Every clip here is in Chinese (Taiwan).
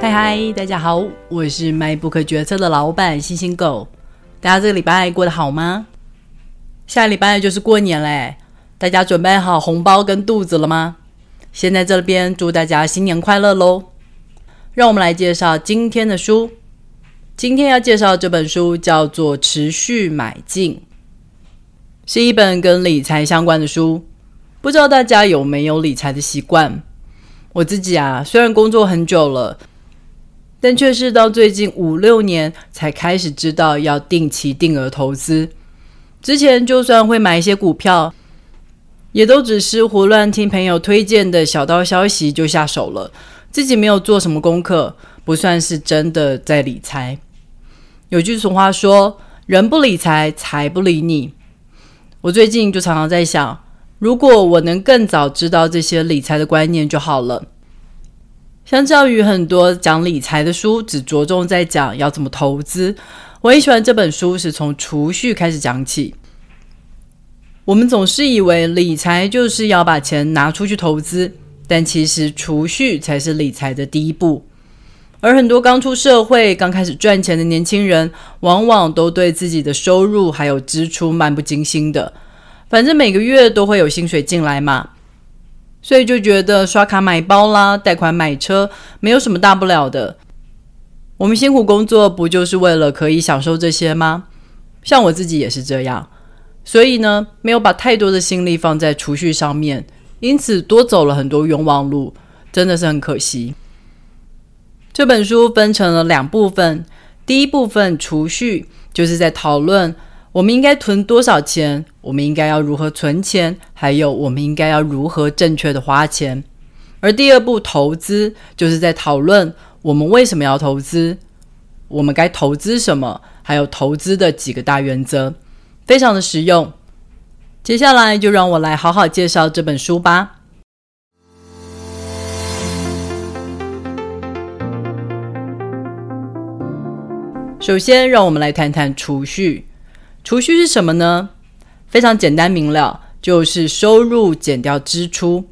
嗨嗨，Hi, Hi, 大家好，我是賣不可決策的老闆星星狗。大家這個禮拜過得好嗎？下禮拜就是過年嘞，大家準備好紅包跟肚子了嗎？先在這邊祝大家新年快樂咯。讓我們來介紹今天的書。今天要介紹這本書叫做《持續買進》，是一本跟理財相關的書。不知道大家有沒有理財的習慣？我自己啊，雖然工作很久了。但卻是到最近五六年才開始知道要定期定額投資。之前就算會買一些股票，也都只是胡亂聽朋友推薦的小道消息就下手了，自己沒有做什麼功課，不算是真的在理財。有句俗話說：“人不理財，財不理你。”我最近就常常在想，如果我能更早知道這些理財的觀念就好了。相較於很多講理財的書，只着重在講要怎麼投資，我很喜歡這本書是從儲蓄開始講起。我們總是以為理財就是要把錢拿出去投資，但其實儲蓄才是理財的第一步。而很多剛出社會、剛開始賺錢的年輕人，往往都對自己的收入還有支出漫不經心的，反正每個月都會有薪水進來嘛。所以就覺得刷卡買包啦，貸款買車沒有什麼大不了的。我們辛苦工作不就是為了可以享受這些嗎？像我自己也是這樣，所以呢，沒有把太多的心力放在儲蓄上面，因此多走了很多冤枉路，真的是很可惜。這本書分成了兩部分，第一部分儲蓄就是在討論。我們應該存多少錢？我們應該要如何存錢？還有我們應該要如何正確的花錢？而第二步投資就是在討論我們為什麼要投資，我們該投資什麼，還有投資的幾個大原則，非常的實用。接下來就讓我來好好介紹這本書吧。首先，讓我們來談談儲蓄。儲蓄是什麼呢？非常簡單明了，就是收入減掉支出，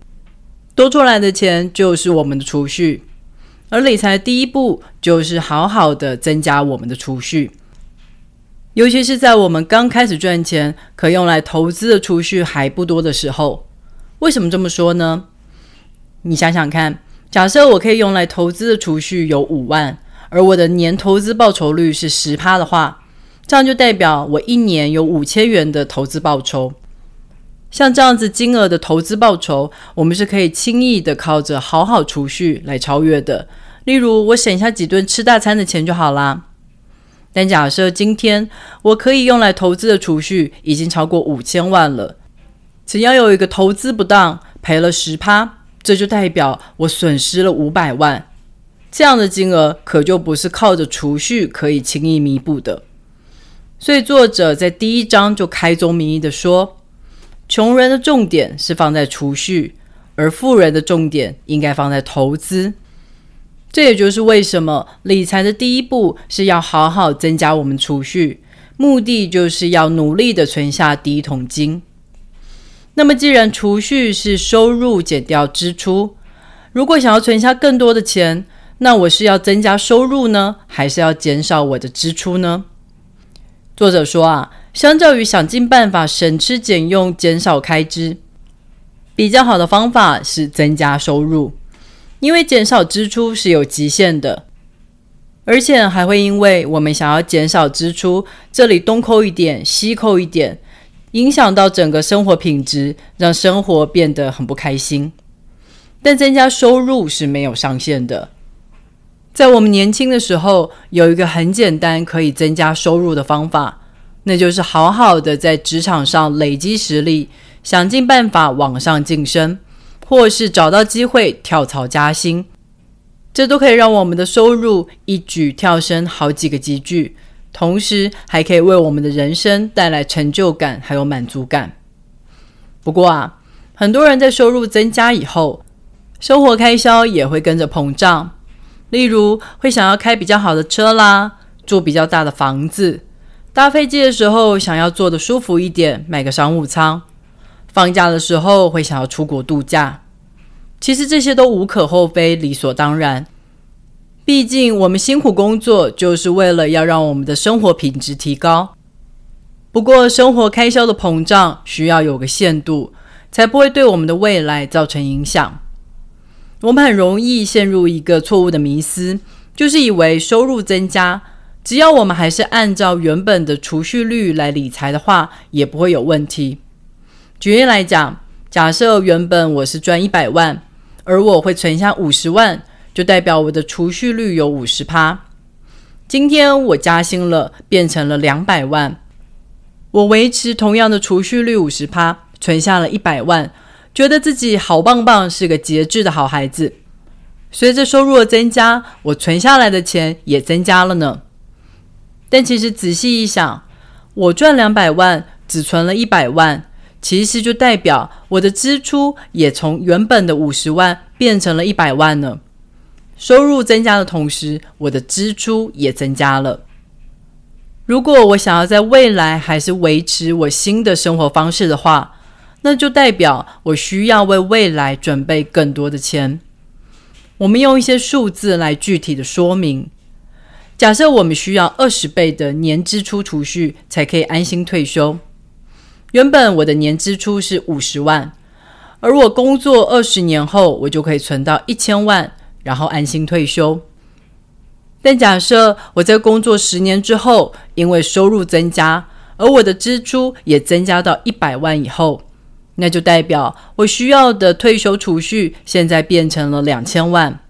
多出來的錢就是我們的儲蓄。而理財的第一步就是好好的增加我們的儲蓄，尤其是在我們剛開始賺錢、可用來投資的儲蓄還不多的時候。為什麼這麼說呢？你想想看，假設我可以用來投資的儲蓄有五萬，而我的年投資報酬率是十趴的話。這樣就代表我一年有五千元的投資報酬，像這樣子金額的投資報酬，我們是可以輕易的靠着好好儲蓄來超越的。例如，我省下幾頓吃大餐的錢就好啦。但假設今天我可以用來投資的儲蓄已經超過五千萬了，只要有一個投資不當，賠了十趴，這就代表我損失了五百萬。這樣的金額可就不是靠着儲蓄可以輕易彌補的。所以，作者在第一章就開宗明義的說，窮人的重點是放在儲蓄，而富人的重點應該放在投資。這也就是為什麼理財的第一步是要好好增加我們儲蓄，目的就是要努力的存下第一桶金。那麼，既然儲蓄是收入減掉支出，如果想要存下更多的錢，那我是要增加收入呢？還是要減少我的支出呢？作者說啊，相較於想盡辦法省吃儉用減少開支，比較好的方法是增加收入，因為減少支出是有極限的，而且還會因為我們想要減少支出，這裡東扣一點，西扣一點，影響到整個生活品質，讓生活變得很不開心。但增加收入是沒有上限的。在我們年輕的時候，有一個很簡單可以增加收入的方法，那就是好好的在職場上累積實力，想盡辦法往上晉升，或是找到機會跳槽加薪，這都可以讓我們的收入一舉跳升好幾個級距，同時還可以為我們的人生帶來成就感還有滿足感。不過啊，很多人在收入增加以後，生活開銷也會跟着膨脹。例如會想要開比較好的車啦，住比較大的房子，搭飛機的時候想要坐得舒服一點，買個商務艙。放假的時候會想要出國度假。其實這些都無可厚非，理所當然。畢竟我們辛苦工作就是為了要讓我們的生活品質提高。不過生活開銷的膨脹需要有個限度，才不會對我們的未來造成影響。我們很容易陷入一個錯誤的迷思，就是以為收入增加，只要我們還是按照原本的儲蓄率來理財的話，也不會有問題。舉例來講，假設原本我是賺一百萬，而我會存下五十萬，就代表我的儲蓄率有五十趴。今天我加薪了，變成了兩百萬，我維持同樣的儲蓄率五十趴，存下了一百萬。覺得自己好棒棒，是個節制的好孩子。隨着收入的增加，我存下來的錢也增加了呢。但其實仔細一想，我賺兩百萬，只存了一百萬，其實就代表我的支出也從原本的五十萬變成了一百萬呢。收入增加的同時，我的支出也增加了。如果我想要在未來還是維持我新的生活方式的話，那就代表我需要為未來準備更多的錢。我們用一些數字來具體的說明。假設我們需要二十倍的年支出儲蓄才可以安心退休。原本我的年支出是五十萬，而我工作二十年後，我就可以存到一千萬，然後安心退休。但假設我在工作十年之後，因為收入增加，而我的支出也增加到一百萬以後。那就代表我需要的退休儲蓄現在變成了兩千萬，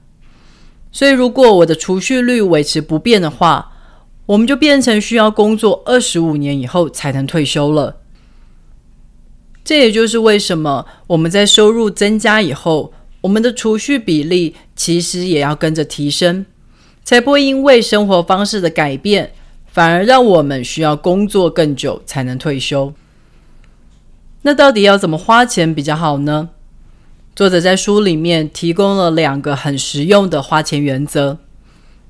所以如果我的儲蓄率維持不變的話，我們就變成需要工作二十五年以後才能退休了。這也就是為什麼我們在收入增加以後，我們的儲蓄比例其實也要跟着提升，才不會因為生活方式的改變，反而讓我們需要工作更久才能退休。那到底要怎麼花錢比較好呢？作者在書裡面提供了兩個很實用的花錢原則。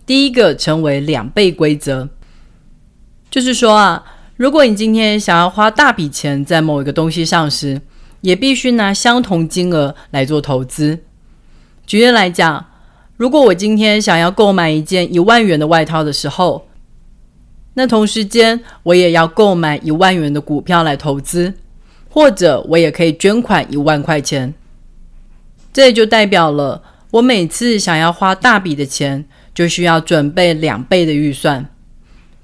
第一個稱為兩倍規則，就是說啊，如果你今天想要花大筆錢在某一個東西上時，也必須拿相同金額來做投資。舉例來講，如果我今天想要購買一件一萬元的外套的時候，那同時間我也要購買一萬元的股票來投資。或者我也可以捐款一萬塊錢，這也就代表了我每次想要花大筆的錢，就需要準備兩倍的預算。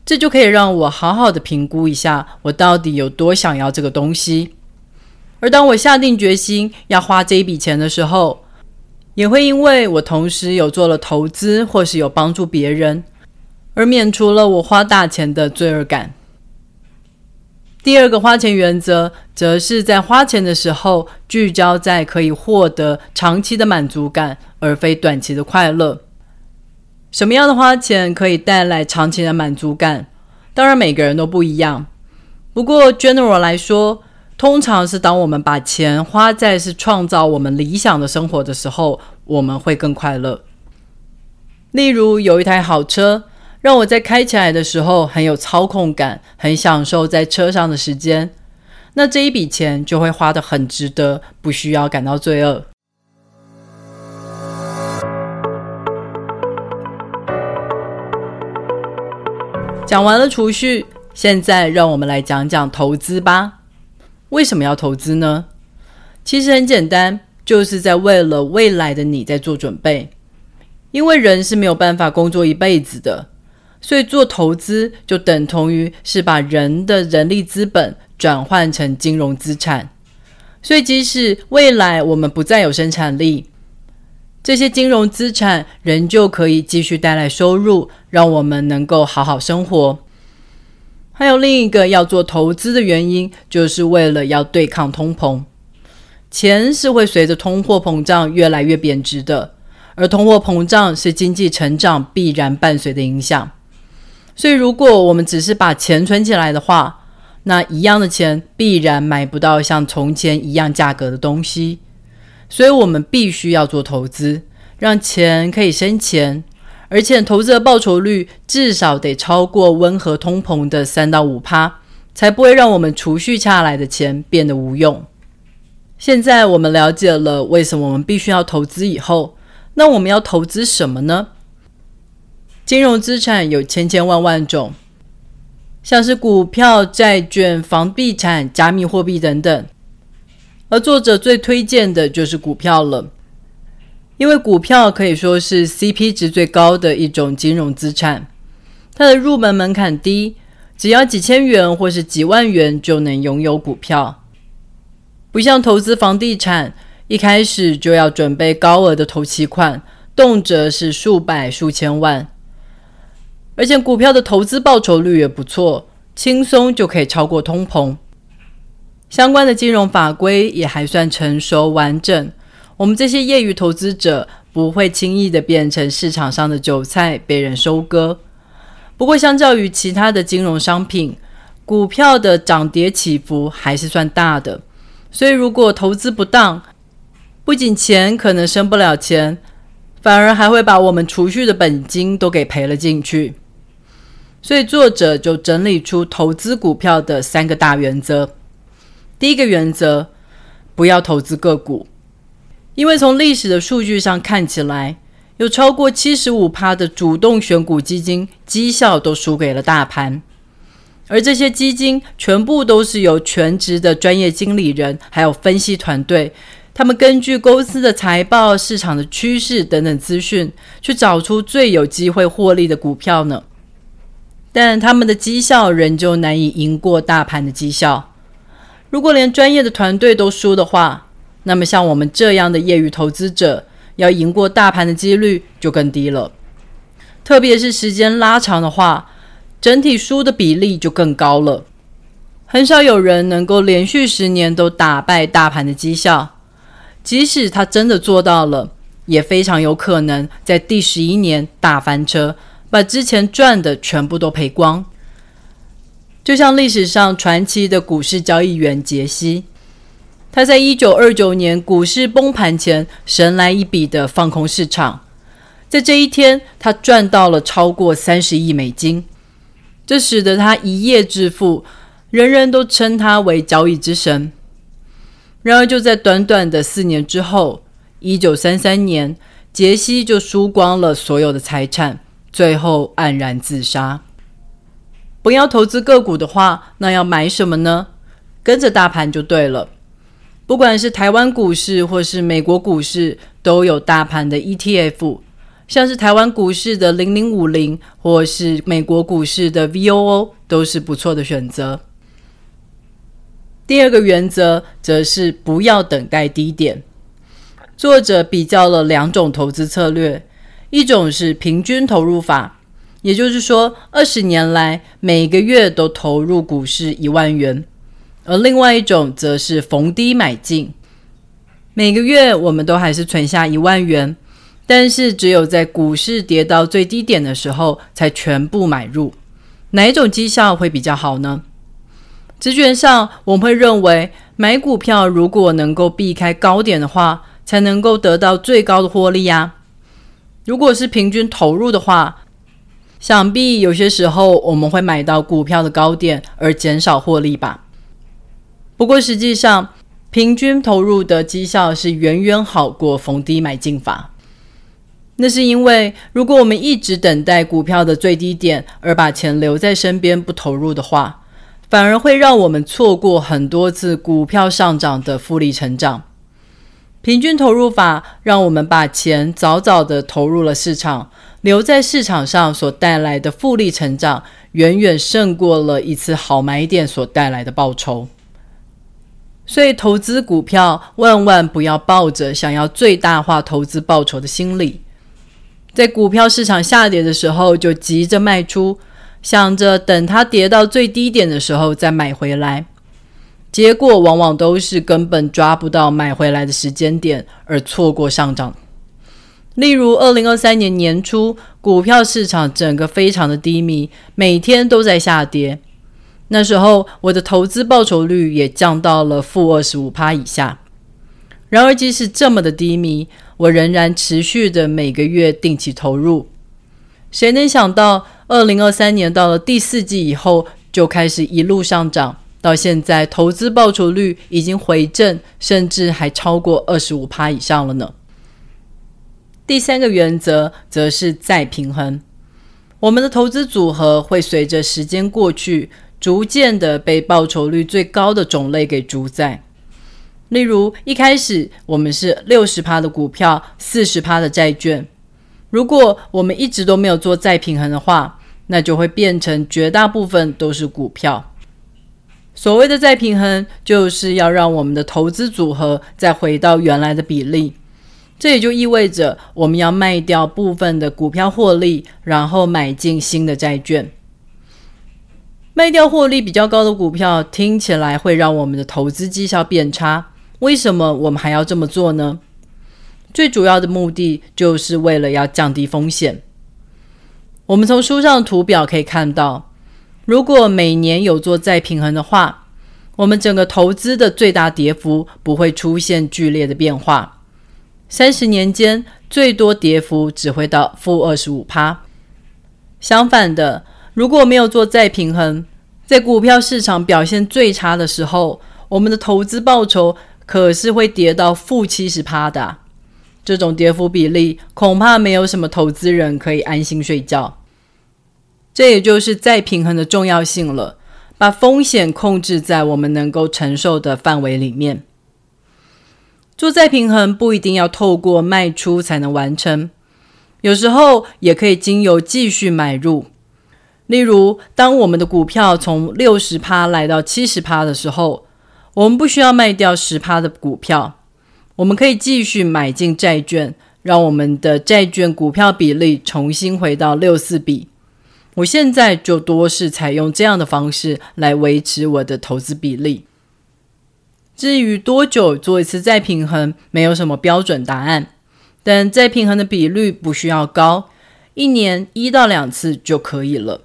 這就可以讓我好好的評估一下我到底有多想要這個東西。而當我下定決心要花這一筆錢的時候，也會因為我同時有做了投資或是有幫助別人，而免除了我花大錢的罪惡感。第二個花錢原則，則是在花錢的時候聚焦在可以獲得長期的滿足感，而非短期的快樂。什麼樣的花錢可以帶來長期的滿足感？當然，每個人都不一樣。不過，general 來說，通常是當我們把錢花在是創造我們理想的生活的時候，我們會更快樂。例如，有一台好車。讓我在開起來的時候很有操控感，很享受在車上的時間。那這一筆錢就會花得很值得，不需要感到罪惡。講完了儲蓄，現在讓我們來講講投資吧。為什麼要投資呢？其實很簡單，就是在為了未來的你在做準備，因為人是沒有辦法工作一輩子的。所以做投資就等同於是把人的人力資本轉換成金融資產。所以即使未來我們不再有生產力，這些金融資產仍舊可以繼續帶來收入，讓我們能夠好好生活。還有另一個要做投資的原因，就是為了要對抗通膨。錢是會隨着通貨膨脹越來越貶值的，而通貨膨脹是經濟成長必然伴隨的影響。所以，如果我們只是把錢存起來的話，那一樣的錢必然買不到像從前一樣價格的東西。所以，我們必須要做投資，讓錢可以生錢，而且投資的報酬率至少得超過溫和通膨的三到五趴，才不會讓我們儲蓄下來的錢變得無用。現在我們了解了為什麼我們必須要投資以後，那我們要投資什麼呢？金融資產有千千萬萬種，像是股票、債券、房地產、加密貨幣等等。而作者最推薦的就是股票了，因為股票可以說是 CP 值最高的一種金融資產。它的入門門檻低，只要幾千元或是幾萬元就能擁有股票，不像投資房地產，一開始就要準備高額的頭期款，動輒是數百數千萬。而且股票的投資報酬率也不錯，輕鬆就可以超過通膨。相關的金融法規也還算成熟完整，我們這些業餘投資者不會輕易的變成市場上的韭菜被人收割。不過，相較於其他的金融商品，股票的漲跌起伏還是算大的，所以如果投資不當，不僅錢可能生不了錢，反而還會把我們儲蓄的本金都給賠了進去。所以作者就整理出投資股票的三個大原則。第一個原則，不要投資個股，因為從歷史的數據上看起來，有超過七十五趴的主動選股基金績效都輸給了大盤。而這些基金全部都是由全職的專業經理人還有分析團隊，他們根據公司的財報、市場的趨勢等等資訊，去找出最有機會獲利的股票呢。但他們的績效仍舊難以贏過大盤的績效。如果連專業的團隊都輸的話，那麼像我們這樣的業餘投資者要贏過大盤的幾率就更低了。特別是時間拉長的話，整體輸的比例就更高了。很少有人能夠連續十年都打敗大盤的績效，即使他真的做到了，也非常有可能在第十一年大翻車。把之前賺的全部都賠光，就像歷史上傳奇的股市交易員傑西，他在一九二九年股市崩盤前神來一筆的放空市場，在這一天他賺到了超過三十億美金，這使得他一夜致富，人人都稱他為交易之神。然而，就在短短的四年之後，一九三三年，傑西就輸光了所有的財產。最後黯然自殺。不要投資個股的話，那要買什麼呢？跟着大盤就對了。不管是台灣股市或是美國股市，都有大盤的 ETF，像是台灣股市的零零五零或是美國股市的 VOO，都是不錯的選擇。第二個原則則是不要等待低點。作者比較了兩種投資策略。一種是平均投入法，也就是說，二十年來每個月都投入股市一萬元；而另外一種則是逢低買進，每個月我們都還是存下一萬元，但是只有在股市跌到最低點的時候才全部買入。哪一種績效會比較好呢？直覺上我們會認為，買股票如果能夠避開高點的話，才能夠得到最高的獲利呀。如果是平均投入的話，想必有些時候我們會買到股票的高點而減少獲利吧。不過實際上，平均投入的績效是遠遠好過逢低買進法。那是因為，如果我們一直等待股票的最低點而把錢留在身邊不投入的話，反而會讓我們錯過很多次股票上漲的複利成長。平均投入法讓我們把錢早早的投入了市場，留在市場上所帶來的複利成長，遠遠勝過了一次好買點所帶來的報酬。所以投資股票萬萬不要抱着想要最大化投資報酬的心理。在股票市場下跌的時候就急着賣出，想着等它跌到最低點的時候再買回來。結果往往都是根本抓不到買回來的時間點，而錯過上漲。例如，二零二三年年初，股票市場整個非常的低迷，每天都在下跌。那時候，我的投資報酬率也降到了負二十五趴以下。然而，即使這麼的低迷，我仍然持續的每個月定期投入。誰能想到，二零二三年到了第四季以後，就開始一路上漲？到現在，投資報酬率已經回正，甚至還超過二十五趴以上了呢。第三個原則則是再平衡，我們的投資組合會隨着時間過去，逐漸的被報酬率最高的種類給主宰。例如，一開始我們是六十趴的股票，四十趴的債券。如果我們一直都沒有做再平衡的話，那就會變成絕大部分都是股票。所謂的再平衡，就是要讓我們的投資組合再回到原來的比例。這也就意味着我們要賣掉部分的股票獲利，然後買進新的債券。賣掉獲利比較高的股票，聽起來會讓我們的投資績效變差。為什麼我們還要這麼做呢？最主要的目的就是為了要降低風險。我們從書上的圖表可以看到。如果每年有做再平衡的話，我們整個投資的最大跌幅不會出現劇烈的變化，三十年間最多跌幅只會到負二十五趴。相反的，如果沒有做再平衡，在股票市場表現最差的時候，我們的投資報酬可是會跌到負七十趴的。這種跌幅比例，恐怕沒有什麼投資人可以安心睡覺。這也就是再平衡的重要性了，把風險控制在我們能夠承受的範圍裡面。做再平衡不一定要透過賣出才能完成，有時候也可以經由繼續買入。例如，當我們的股票從六十趴來到七十趴的時候，我們不需要賣掉十趴的股票，我們可以繼續買進債券，讓我們的債券股票比例重新回到六四比。我現在就多是採用這樣的方式來維持我的投資比例。至於多久做一次再平衡，沒有什麼標準答案，但再平衡的比率不需要高，一年一到兩次就可以了。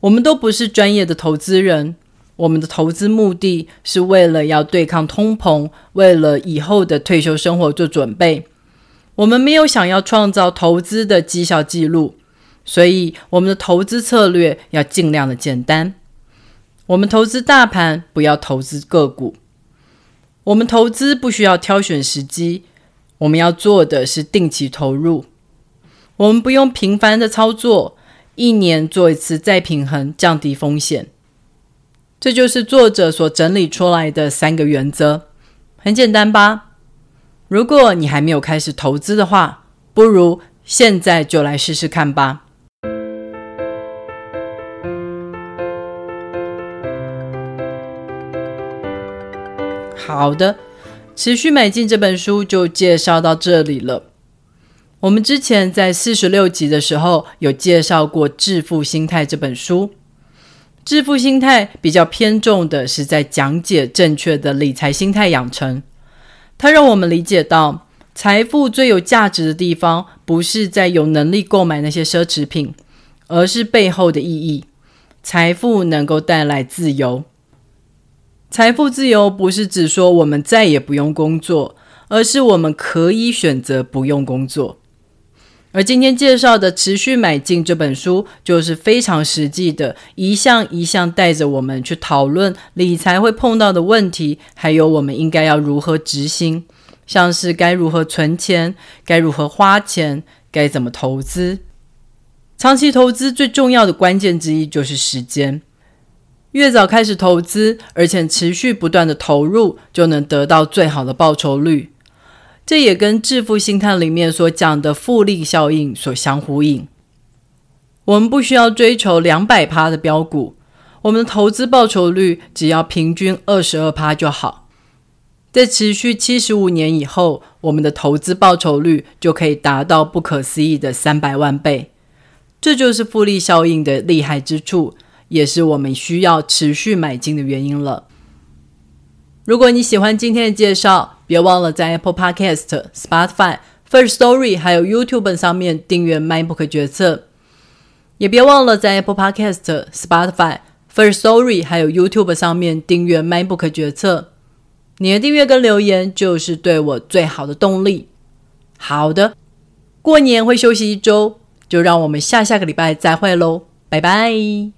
我們都不是專業的投資人，我們的投資目的是為了要對抗通膨，為了以後的退休生活做準備。我們沒有想要創造投資的績效記錄。所以，我們的投資策略要儘量的簡單。我們投資大盤，不要投資個股。我們投資不需要挑選時機，我們要做的是定期投入。我們不用頻繁的操作，一年做一次再平衡，降低風險。這就是作者所整理出來的三個原則，很簡單吧？如果你還沒有開始投資的話，不如現在就來試試看吧。好的，持續買進這本書就介紹到這裡了。我們之前在四十六集的時候有介紹過《致富心態》這本書，《致富心態》比較偏重的是在講解正確的理財心態養成。它讓我們理解到，財富最有價值的地方，不是在有能力購買那些奢侈品，而是背後的意義。財富能夠帶來自由。財富自由不是指說我們再也不用工作，而是我們可以選擇不用工作。而今天介紹的《持續買進》這本書，就是非常實際的，一項一項帶着我們去討論理財會碰到的問題，還有我們應該要如何執行，像是該如何存錢、該如何花錢、該怎麼投資。長期投資最重要的關鍵之一就是時間。越早開始投資，而且持續不斷地投入，就能得到最好的報酬率。這也跟致富心態裡面所講的複利效應所相呼應。我們不需要追求兩百趴的飆股，我們的投資報酬率只要平均二十二趴就好。在持續七十五年以後，我們的投資報酬率就可以達到不可思議的三百萬倍。這就是複利效應的厲害之處。也是我們需要持續買進的原因了。如果你喜歡今天的介紹，別忘了在 Apple Podcast、Spotify、First Story 還有 YouTube 上面訂閱《Mindbook 決策》。也別忘了在 Apple Podcast、Spotify、First Story 還有 YouTube 上面訂閱《Mindbook 決策》。你的訂閱跟留言就是對我最好的動力。好的，過年會休息一周，就讓我們下下個禮拜再會嘍，拜拜。